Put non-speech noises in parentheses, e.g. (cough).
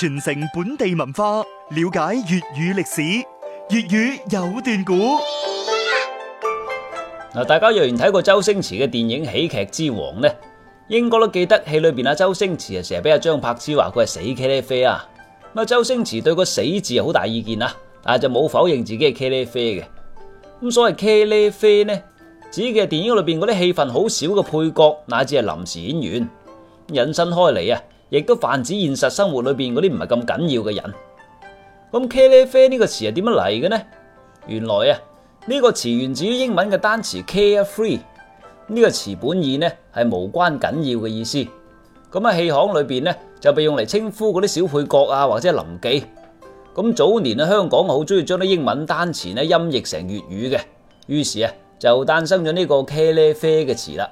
傳承本地文化，了解粵語歷史，粵語有段古。嗱， (laughs) 大家若然睇過周星馳嘅電影《喜劇之王》呢，應該都記得，戲裏邊啊，周星馳啊，成日俾阿張柏芝話佢係死茄喱啡啊。咁啊，周星馳對個死字好大意見啊，但係就冇否認自己係茄喱啡嘅。咁所謂茄喱啡呢，指嘅電影裏邊嗰啲戲份好少嘅配角，乃至係臨時演員引申開嚟，啊。亦都泛指現實生活裏邊嗰啲唔係咁緊要嘅人。咁茄喱啡呢個詞係點樣嚟嘅呢？原來啊，呢個詞源自於英文嘅單詞 carefree。呢個詞本意呢，係無關緊要嘅意思。咁喺戲行裏邊呢，就被用嚟稱呼嗰啲小配角啊或者臨記。咁早年啊，香港好中意將啲英文單詞呢，音譯成粵語嘅，於是啊就誕生咗呢個茄喱啡嘅詞啦。